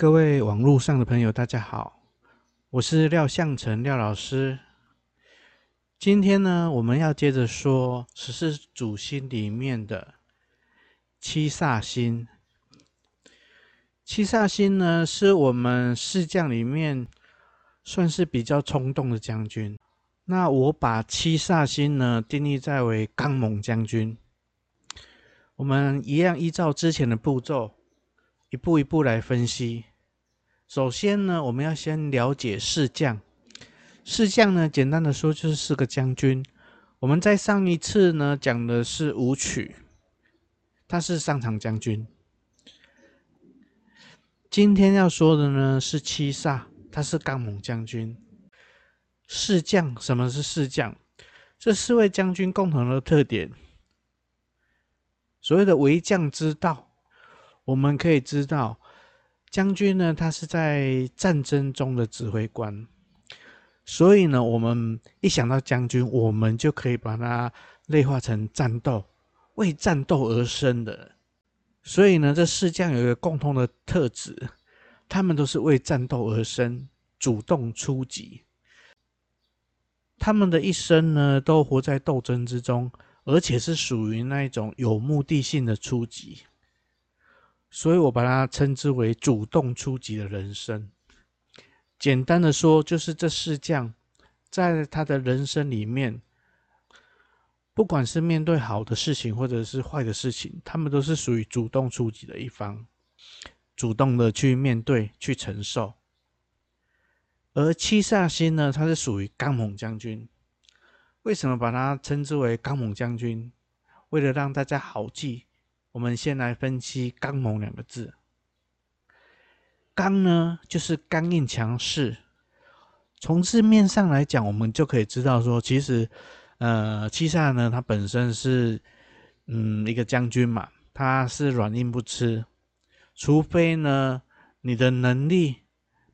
各位網絡上的朋友，大家好，我是廖相程廖老師。今天呢，我們要接着說十四主星裡面的七殺星。七殺星呢，是我們四將裡面算是比較衝動的將軍。那我把七殺星呢定義在為剛猛將軍。我們一樣依照之前的步驟，一步一步來分析。首先呢，我們要先了解四將。四將呢，簡單的說就是四個將軍。我們在上一次呢講的是武曲，他是上場將軍。今天要說的呢是七殺，他是剛猛將軍。四將，什麼是四將？這四位將軍共同的特點，所謂的為將之道，我們可以知道。將軍呢，他是在戰爭中的指揮官，所以呢，我們一想到將軍，我們就可以把他類化成戰鬥，為戰鬥而生的。所以呢，這四將有一個共同的特質，他們都是為戰鬥而生，主動出擊。他們的一生呢，都活在鬥爭之中，而且是屬於那一種有目的性的出擊。所以我把它稱之為主動出擊的人生。簡單的說，就是這四將在他的人生裡面，不管是面對好的事情，或者是壞的事情，他們都是屬於主動出擊的一方，主動的去面對、去承受。而七殺星呢，它是屬於剛猛將軍。為什麼把它稱之為剛猛將軍？為了讓大家好記。我們先來分析“剛猛”兩個字。“剛”呢，就是剛硬強勢。從字面上來講，我們就可以知道說，其實，呃，七殺呢，他本身是，嗯，一個將軍嘛，他是軟硬不吃，除非呢，你的能力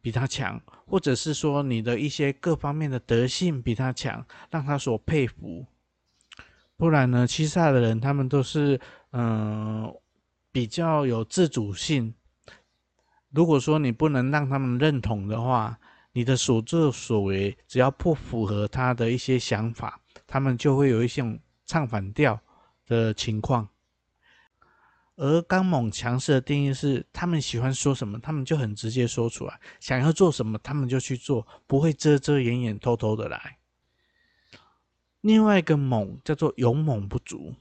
比他強，或者是說你的一些各方面的德性比他強，讓他所佩服，不然呢，七殺的人他們都是。嗯，比較有自主性。如果說你不能讓他們認同的話，你的所作所為只要不符合他的一些想法，他們就會有一些唱反調的情況。而剛猛強勢的定義是，他們喜歡說什麼，他們就很直接說出來；想要做什麼，他們就去做，不會遮遮掩掩，掩、偷偷的來。另外一個猛叫做勇猛不足。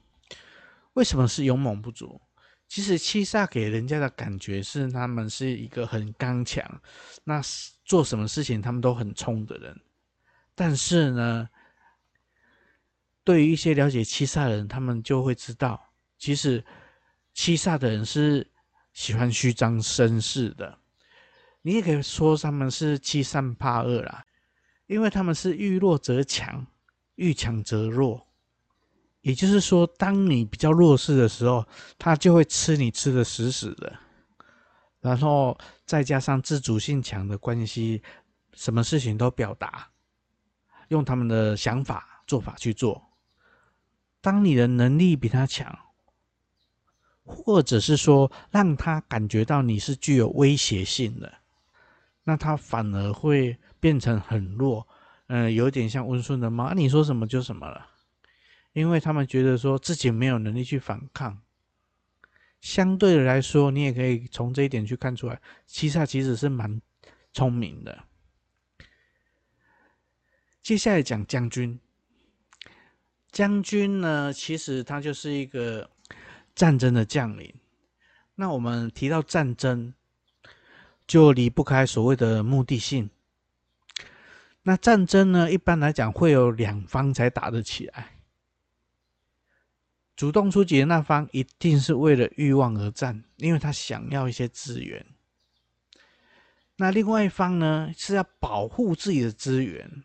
為什麼是勇猛不足？其實七殺給人家的感覺是他們是一個很剛強，那是做什麼事情他們都很衝的人。但是呢，對於一些了解七殺的人，他們就會知道，其實七殺的人是喜歡虛張聲勢的。你也可以說他們是欺善怕惡啦，因為他們是遇弱則強，遇強則弱。也就是說，當你比較弱勢的時候，他就會吃你吃的死死的，然後再加上自主性強的關係，什麼事情都表達，用他們的想法做法去做。當你的能力比他強，或者是說讓他感覺到你是具有威脅性的，那他反而會變成很弱，嗯，呃，有點像溫順的貓，啊，你說什麼就什麼了。因為他們覺得說自己沒有能力去反抗，相對的來說，你也可以從這一點去看出來，七殺其實是蠻聰明的。接下來講將軍，將軍呢，其實他就是一個戰爭的將領。那我們提到戰爭，就離不開所謂的目的性。那戰爭呢，一般來講會有兩方才打得起來。主動出擊的那方一定是為了欲望而戰，因為他想要一些資源。那另外一方呢，是要保護自己的資源，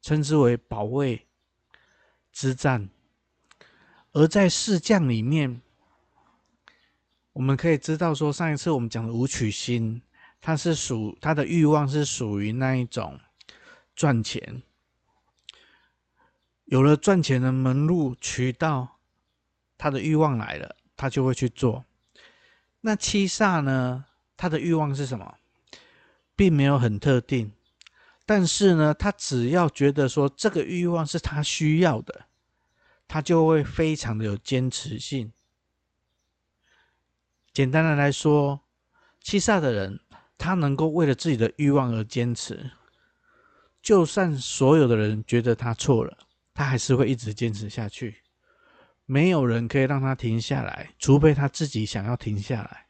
稱之為保衛之戰。而在四將裡面，我們可以知道說，上一次我們講的武曲星，他是屬他的欲望是屬於那一種賺錢。有了賺錢的門路渠道，他的欲望來了，他就會去做。那七殺呢？他的欲望是什麼？並沒有很特定，但是呢，他只要覺得說這個欲望是他需要的，他就會非常的有堅持性。簡單的來說，七殺的人，他能夠為了自己的欲望而堅持，就算所有的人覺得他錯了。他還是會一直堅持下去，沒有人可以讓他停下來，除非他自己想要停下來。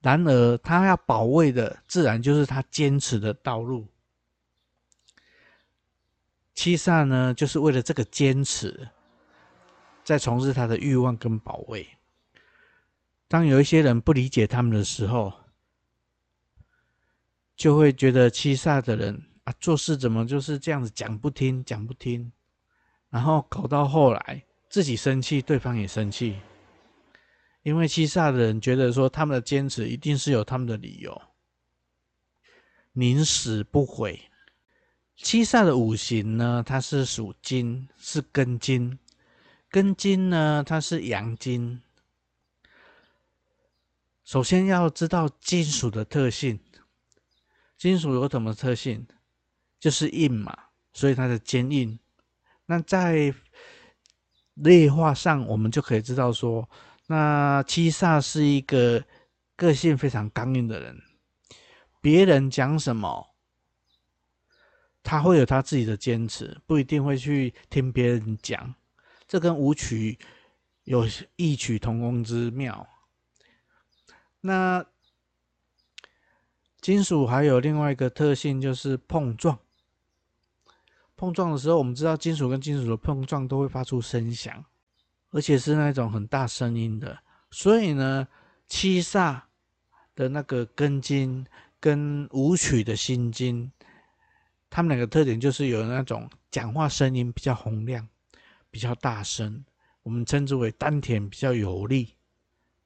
然而，他要保衛的自然就是他堅持的道路。七殺呢，就是為了這個堅持，在從事他的欲望跟保衛。當有一些人不理解他們的時候，就會覺得七殺的人。啊、做事怎麼就是這樣子講不聽講不聽，然後搞到後來自己生氣，對方也生氣。因為七殺的人覺得說，他們的堅持一定是有他們的理由，寧死不悔。七殺的五行呢，它是屬金，是庚金。庚金呢，它是陽金。首先要知道金屬的特性，金屬有什麼特性？就是硬嘛，所以它的堅硬。那在內化上，我們就可以知道說，那七殺是一個個性非常剛硬的人，別人講什麼，他會有他自己的堅持，不一定會去聽別人講。這跟武曲有異曲同工之妙。那金屬還有另外一個特性，就是碰撞。碰撞的時候，我們知道金屬跟金屬的碰撞都會發出聲響，而且是那種很大聲音的。所以呢，七殺的那個根筋跟武曲的心筋，他們兩個特點就是有那種講話聲音比較洪亮，比較大聲。我們稱之為丹田比較有力。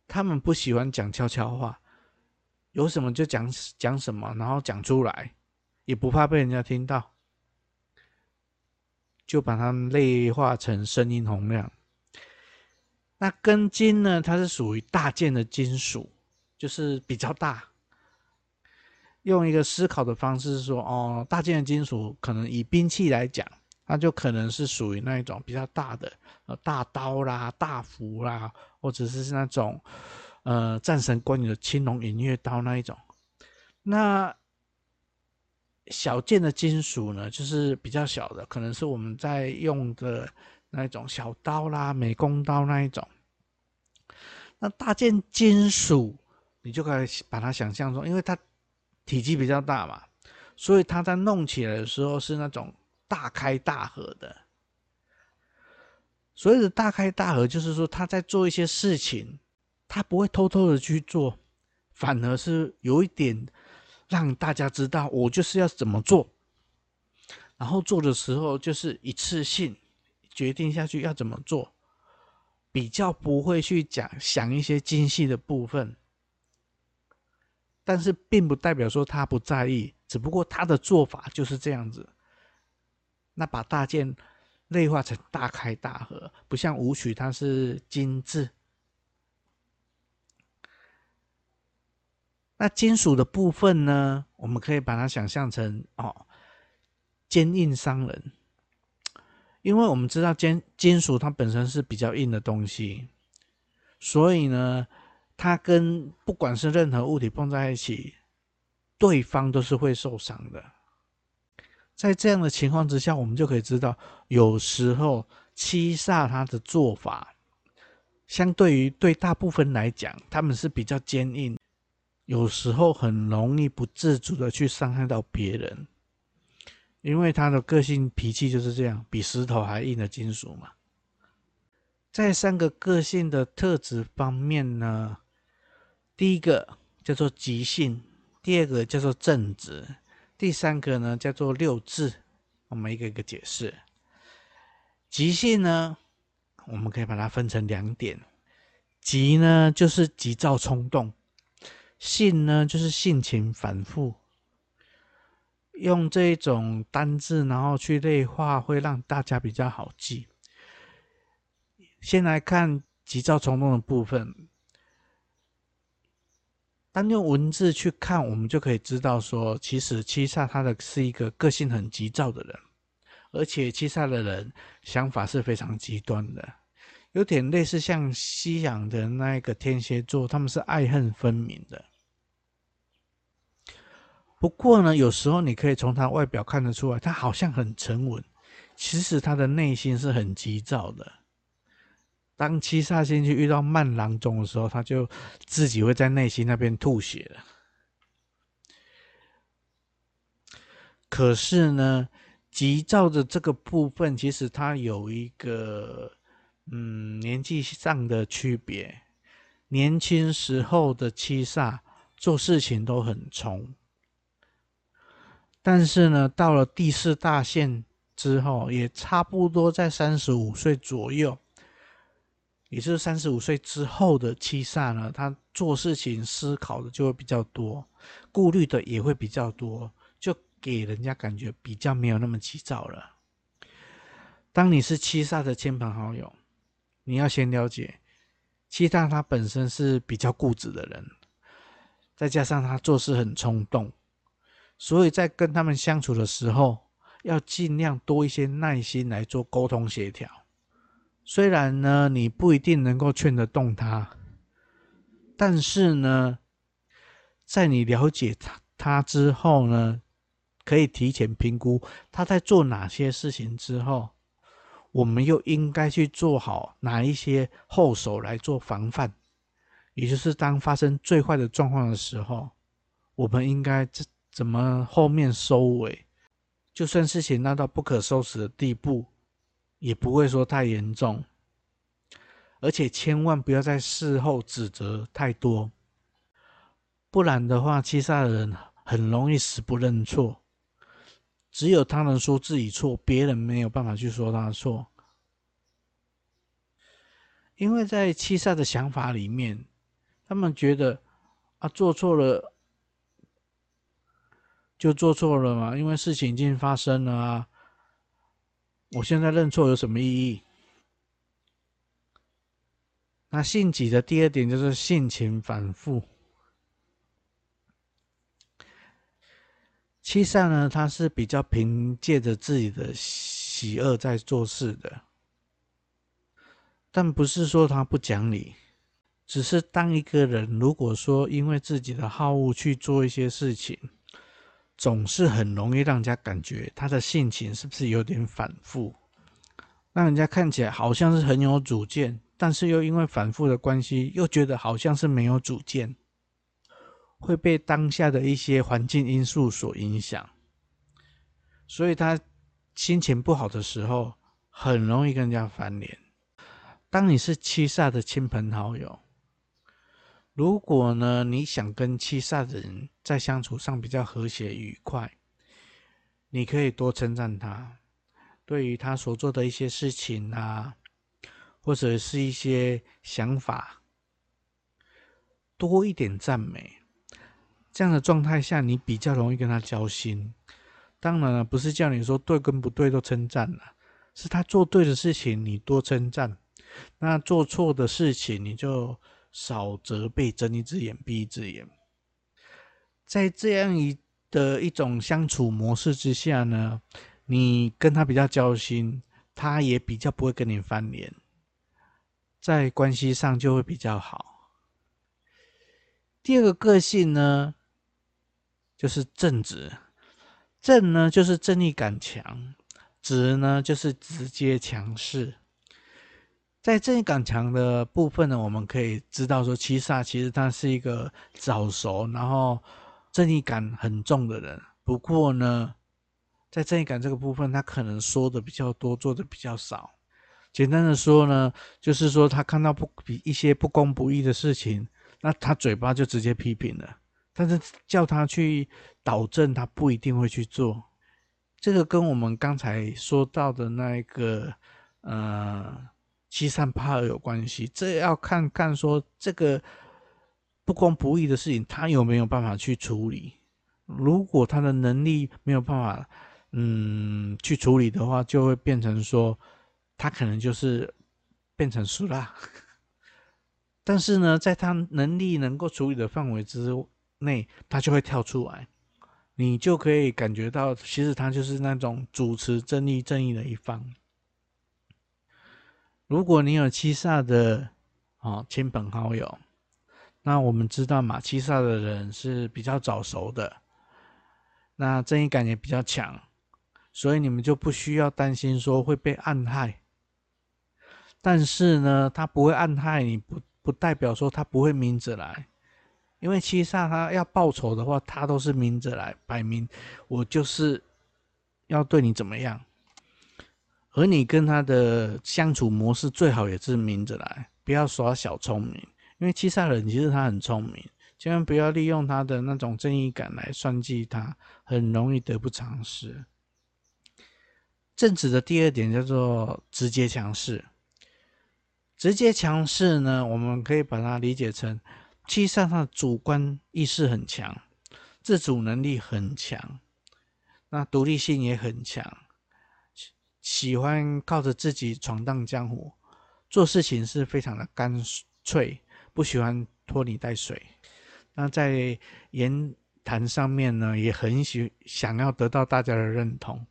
他們不喜歡講悄悄話，有什麼就講講什麼，然後講出來，也不怕被人家聽到。就把它內類化成聲音洪亮。那庚金呢？它是屬於大件的金屬，就是比較大。用一個思考的方式說，哦，大件的金屬可能以兵器來講，那就可能是屬於那一種比較大的，呃，大刀啦、大斧啦，或者是那種，呃，戰神關羽的青龍偃月刀那一種。那小件的金屬呢，就是比較小的，可能是我們在用的那一種小刀啦、美工刀那一種。那大件金屬，你就可以把它想象中，因為它體積比較大嘛，所以它在弄起來的時候是那種大開大合的。所以的“大開大合”，就是說他在做一些事情，他不會偷偷的去做，反而是有一點。讓大家知道我就是要怎麼做，然後做的時候就是一次性決定下去要怎麼做，比較不會去講想一些精細的部分，但是並不代表說他不在意，只不過他的做法就是這樣子。那把大劍內化成大開大合，不像武曲他是精緻。那金屬的部分呢？我們可以把它想象成哦，堅硬傷人，因為我們知道金金屬它本身是比較硬的東西，所以呢，它跟不管是任何物體碰在一起，對方都是會受傷的。在這樣的情況之下，我們就可以知道，有時候七殺它的做法，相對於對大部分來講，他們是比較堅硬。有時候很容易不自主的去傷害到別人，因為他的個性脾氣就是這樣，比石頭還硬的金屬嘛。在三個個性的特質方面呢，第一個叫做急性，第二個叫做正直，第三個呢叫做六字。我們一個一個解釋。急性呢，我們可以把它分成兩點，急呢就是急躁衝動。性呢，就是性情反復。用這一種單字，然後去類化，會讓大家比較好記。先來看急躁衝動的部分。當用文字去看，我們就可以知道說，其實七殺他的是一個個性很急躁的人，而且七殺的人想法是非常極端的，有點類似像西洋的那一個天蠍座，他們是愛恨分明的。不過呢，有時候你可以從他外表看得出來，他好像很沉穩，其實他的內心是很急躁的。當七煞星去遇到慢郎中的時候，他就自己會在內心那邊吐血了。可是呢，急躁的這個部分，其實他有一個嗯，年紀上的區別。年輕時候的七煞做事情都很衝。但是呢，到了第四大限之後，也差不多在三十五歲左右，也就是三十五歲之後的七殺呢，他做事情思考的就會比較多，顧慮的也會比較多，就給人家感覺比較沒有那麼急躁了。當你是七殺的親朋好友，你要先了解，七殺他，他本身是比較固執的人，再加上他做事很衝動。所以在跟他們相處的時候，要盡量多一些耐心來做溝通協調。雖然呢，你不一定能夠勸得動他，但是呢，在你了解他他之後呢，可以提前評估他在做哪些事情之後，我們又應該去做好哪一些後手來做防範。也就是當發生最壞的狀況的時候，我們應該這。怎麼後面收尾？就算事情鬧到不可收拾的地步，也不會說太嚴重。而且千萬不要在事後指責太多，不然的話，七殺的人很容易死不認錯。只有他能說自己錯，別人沒有辦法去說他錯，因為在七殺的想法裡面，他們覺得啊，做錯了。就做錯了嘛？因為事情已經發生了啊！我現在認錯有什麼意義？那性急的第二點就是性情反覆。七殺呢，他是比較憑借着自己的喜惡在做事的，但不是說他不講理，只是當一個人如果說因為自己的好惡去做一些事情。總是很容易讓人家感覺他的性情是不是有點反覆，讓人家看起來好像是很有主見，但是又因為反覆的關係，又覺得好像是沒有主見，會被當下的一些環境因素所影響，所以他心情不好的時候，很容易跟人家翻臉。當你是七殺的親朋好友。如果呢，你想跟七殺的人在相處上比較和諧愉快，你可以多稱讚他，對於他所做的一些事情啊，或者是一些想法，多一點讚美。這樣的狀態下，你比較容易跟他交心。當然了，不是叫你說對跟不對都稱讚了、啊，是他做對的事情你多稱讚，那做錯的事情你就。少責備，睜一隻眼閉一隻眼，在這樣一的一種相處模式之下呢，你跟他比較交心，他也比較不會跟你翻臉，在關係上就會比較好。第二個個性呢，就是正直，正呢就是正義感強，直呢就是直接強勢。在正義感強的部分呢，我們可以知道說，七殺其實他是一個早熟，然後正義感很重的人。不過呢，在正義感這個部分，他可能說的比較多，做的比較少。簡單的說呢，就是說他看到不一些不公不義的事情，那他嘴巴就直接批評了。但是叫他去導正，他不一定會去做。這個跟我們剛才說到的那一個，呃。七三八二有關係，這要看看說這個不公不義的事情，他有沒有辦法去處理。如果他的能力沒有辦法，嗯，去處理的話，就會變成說他可能就是變成輸了。但是呢，在他能力能夠處理的範圍之內，他就會跳出來，你就可以感覺到，其實他就是那種主持正義、正義的一方。如果你有七殺的啊、哦、親朋好友，那我們知道嘛，七殺的人是比較早熟的，那正義感也比較強，所以你們就不需要擔心說會被暗害。但是呢，他不會暗害你，不不代表說他不會明着來，因為七殺他要報仇的話，他都是明着來，擺明我就是要對你怎麼樣。而你跟他的相處模式最好也是明着來，不要耍小聰明。因為七殺人其實他很聰明，千萬不要利用他的那種正義感來算計他，很容易得不償失。正直的第二點叫做直接強勢。直接強勢呢，我們可以把它理解成七殺他的主觀意識很強，自主能力很強，那獨立性也很強。喜歡靠着自己闖蕩江湖，做事情是非常的乾脆，不喜歡拖泥帶水。那在言談上面呢，也很喜想要得到大家的認同，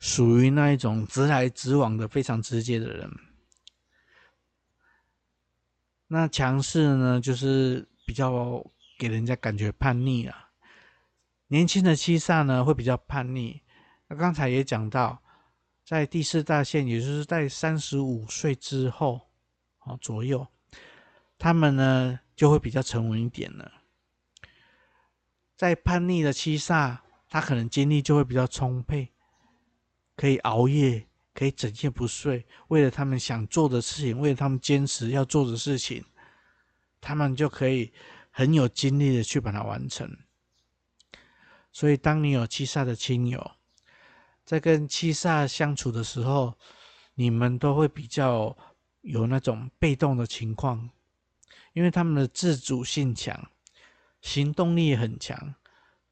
屬於那一種直來直往的非常直接的人。那強勢呢，就是比較給人家感覺叛逆啊，年輕的七殺呢，會比較叛逆。那剛才也講到。在第四大限，也就是在三十五歲之後，啊左右，他們呢就會比較沉穩一點了。在叛逆的七殺，他可能精力就會比較充沛，可以熬夜，可以整夜不睡，為了他們想做的事情，為了他們堅持要做的事情，他們就可以很有精力的去把它完成。所以，當你有七殺的親友，在跟七殺相處的時候，你們都會比較有那種被動的情況，因為他們的自主性強，行動力也很強，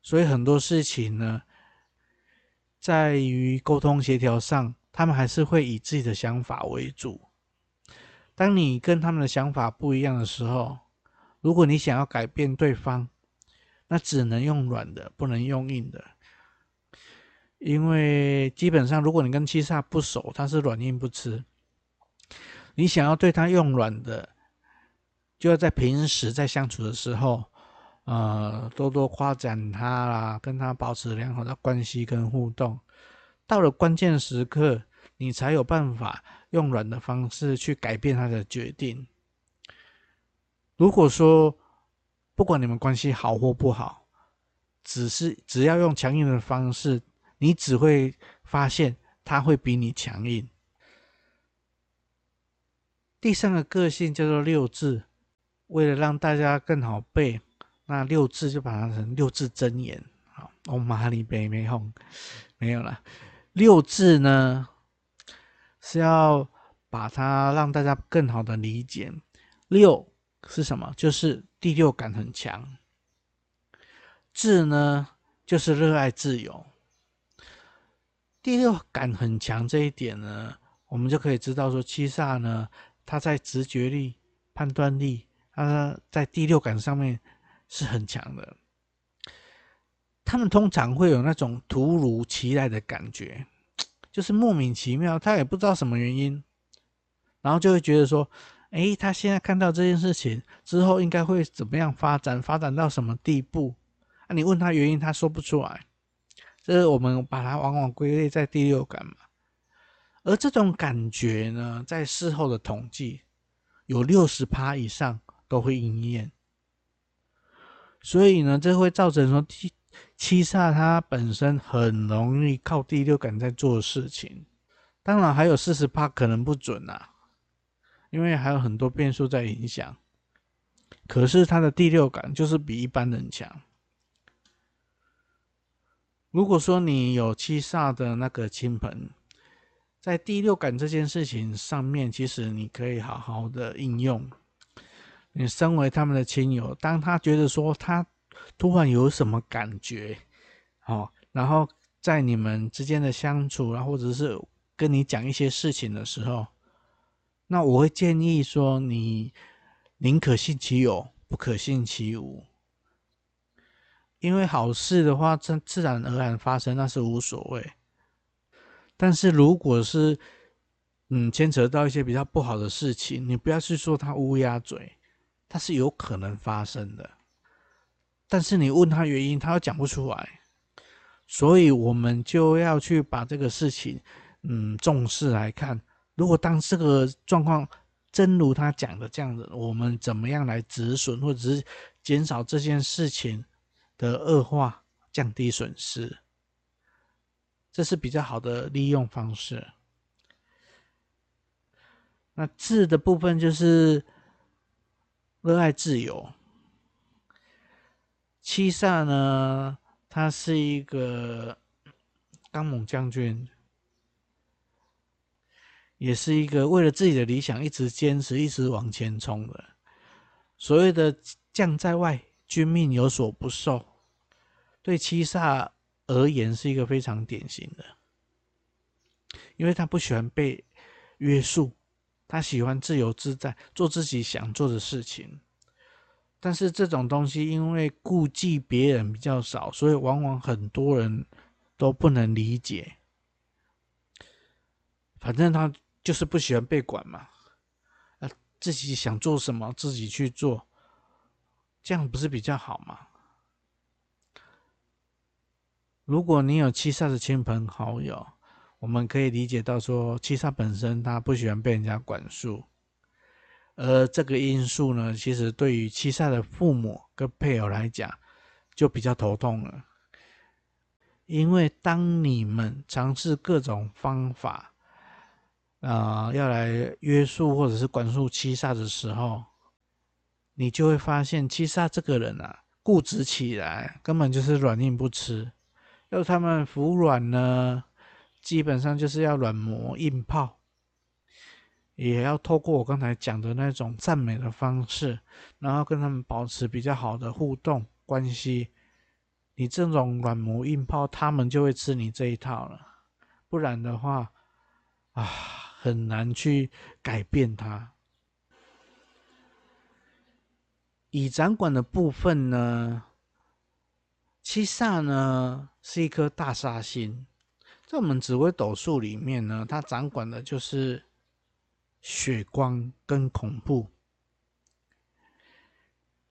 所以很多事情呢，在於溝通協調上，他們還是會以自己的想法為主。當你跟他們的想法不一樣的時候，如果你想要改變對方，那只能用軟的，不能用硬的。因為基本上，如果你跟七殺不熟，他是軟硬不吃。你想要對他用軟的，就要在平時在相處的時候，呃，多多誇獎他啦，跟他保持良好的關係跟互動。到了關鍵時刻，你才有辦法用軟的方式去改變他的決定。如果說不管你們關係好或不好，只是只要用強硬的方式。你只會發現他會比你強硬。第三個個性叫做六字，為了讓大家更好背，那六字就把它成六字真言。好、哦，唵嘛呢叭咪吽，沒有了。六字呢是要把它讓大家更好的理解。六是什麼？就是第六感很強。字呢就是熱愛自由。第六感很強這一點呢，我們就可以知道說，七殺呢，他在直覺力、判斷力，他在第六感上面是很強的。他們通常會有那種突如其來的感覺，就是莫名其妙，他也不知道什麼原因，然後就會覺得說，誒、欸，他現在看到這件事情之後，應該會怎麼樣發展？發展到什麼地步？啊，你問他原因，他說不出來。這是我們把它往往歸類在第六感嘛，而這種感覺呢，在事後的統計，有六十趴以上都會應驗，所以呢，這會造成說七七殺它本身很容易靠第六感在做事情，當然還有四十趴可能不準啊，因為還有很多變數在影響，可是他的第六感就是比一般人強。如果說你有七殺的那個親朋，在第六感這件事情上面，其實你可以好好的應用。你身為他們的親友，當他覺得說他突然有什麼感覺，好，然後在你們之間的相處，啊，或者是跟你講一些事情的時候，那我會建議說，你寧可信其有，不可信其無。因為好事的話，自自然而然發生，那是無所謂。但是如果是，嗯，牽扯到一些比較不好的事情，你不要去說他烏鴉嘴，他是有可能發生的。但是你問他原因，他又講不出來，所以我們就要去把這個事情，嗯，重視來看。如果當這個狀況真如他講的這樣子，我們怎麼樣來止損或者是減少這件事情？的惡化，降低損失，這是比較好的利用方式。那志的部分就是熱愛自由。七殺呢，他是一個剛猛將軍，也是一個為了自己的理想一直堅持、一直往前衝的。所謂的將在外，君命有所不受。對七煞而言是一個非常典型的，因為他不喜歡被約束，他喜歡自由自在做自己想做的事情。但是這種東西因為顧忌別人比較少，所以往往很多人都不能理解。反正他就是不喜歡被管嘛，啊，自己想做什麼自己去做，這樣不是比較好嗎？如果你有七殺的親朋好友，我們可以理解到說，七殺本身他不喜歡被人家管束，而這個因素呢，其實對於七殺的父母跟配偶來講，就比較頭痛了。因為當你們嘗試各種方法，啊、呃，要來約束或者是管束七殺的時候，你就會發現七殺這個人啊，固執起來根本就是軟硬不吃。要他們服軟呢，基本上就是要軟磨硬泡，也要透過我剛才講的那種讚美的方式，然後跟他們保持比較好的互動關係。你這種軟磨硬泡，他們就會吃你這一套了。不然的話，啊，很難去改變他。乙掌管的部分呢？七殺呢，是一顆大煞星，在我們紫微斗數裡面呢，它掌管的就是血光跟恐怖。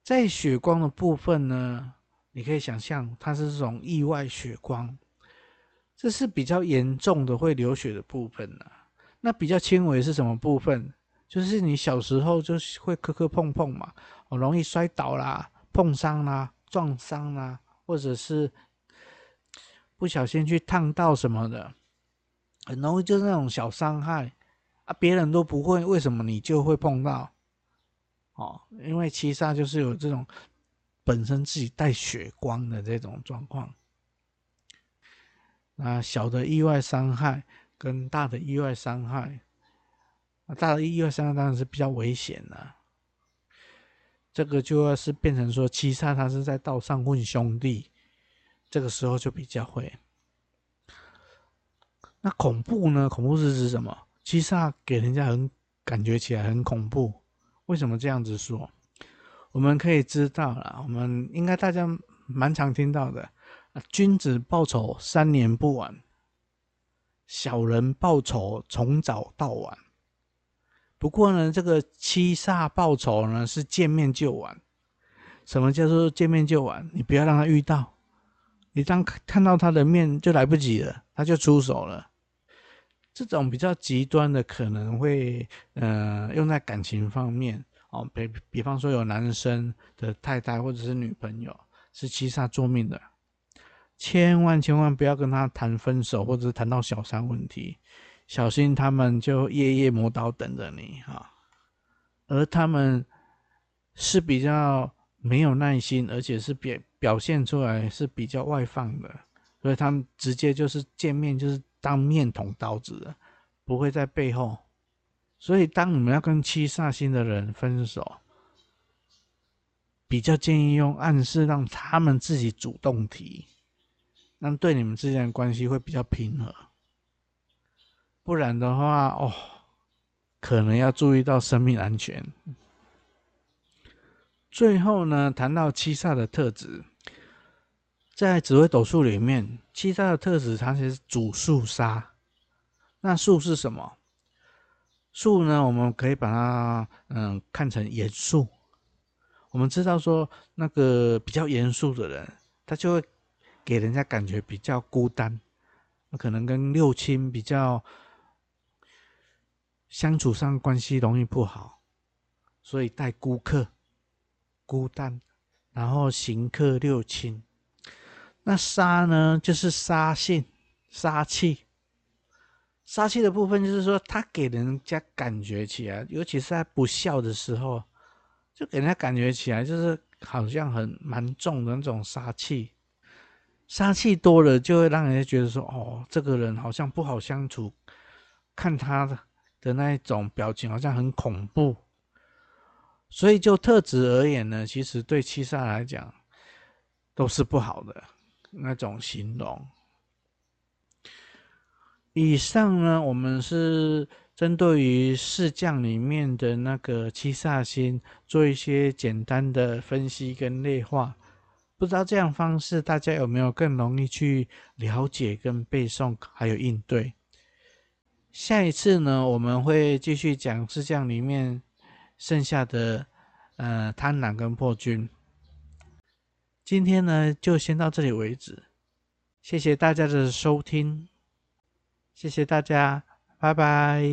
在血光的部分呢，你可以想象它是這種意外血光，這是比較嚴重的會流血的部分呢、啊。那比較輕微是什麼部分？就是你小時候就會磕磕碰碰嘛，容易摔倒啦、碰傷啦、撞傷啦。或者是不小心去燙到什麼的，很容易就是那種小傷害啊，別人都不會，為什麼你就會碰到？哦，因為七殺就是有這種本身自己帶血光的這種狀況，啊，小的意外傷害跟大的意外傷害，啊，大的意外傷害當然是比較危險的啊。這個就要是變成說七殺他是在道上混兄弟，這個時候就比較會。那恐怖呢？恐怖是指什麼？七殺給人家很感覺起來很恐怖，為什麼這樣子說？我們可以知道啦，我們應該大家蠻常聽到的啊，君子報仇三年不晚，小人報仇從早到晚。不過呢，這個七殺報仇呢是見面就完。什麼叫做見面就完？你不要讓他遇到，你當看到他的面就來不及了，他就出手了。這種比較極端的可能會，呃，用在感情方面哦。比比方說，有男生的太太或者是女朋友是七殺坐命的，千萬千萬不要跟他談分手，或者是談到小三問題。小心，他們就夜夜磨刀等着你哈、啊。而他們是比較沒有耐心，而且是表表現出來是比較外放的，所以他們直接就是見面就是當面捅刀子的，不會在背後。所以，當你們要跟七殺星的人分手，比較建議用暗示，讓他們自己主動提，那對你們之間的關係會比較平和。不然的話，哦，可能要注意到生命安全。最後呢，談到七煞的特質，在紫微斗數裡面，七煞的特質，它其實是主肅殺。那肅是什麼？肅呢？我們可以把它，嗯，看成嚴肅。我們知道說，那個比較嚴肅的人，他就會給人家感覺比較孤單。可能跟六親比較。相處上關係容易不好，所以帶孤客、孤單，然後行客六親。那殺呢，就是殺性、殺氣。殺氣的部分就是說，他給人家感覺起來，尤其是在不孝的時候，就給人家感覺起來，就是好像很蠻重的那種殺氣。殺氣多了，就會讓人家覺得說，哦，這個人好像不好相處，看他的。的那一種表情好像很恐怖，所以就特質而言呢，其實對七煞來講都是不好的那種形容。以上呢，我們是針對於四將裡面的那個七煞星做一些簡單的分析跟類化，不知道這樣方式大家有沒有更容易去了解跟背誦，還有應對。下一次呢，我們會繼續講四將裡面剩下的呃貪婪跟破軍。今天呢就先到這裡為止，謝謝大家的收聽，謝謝大家，拜拜。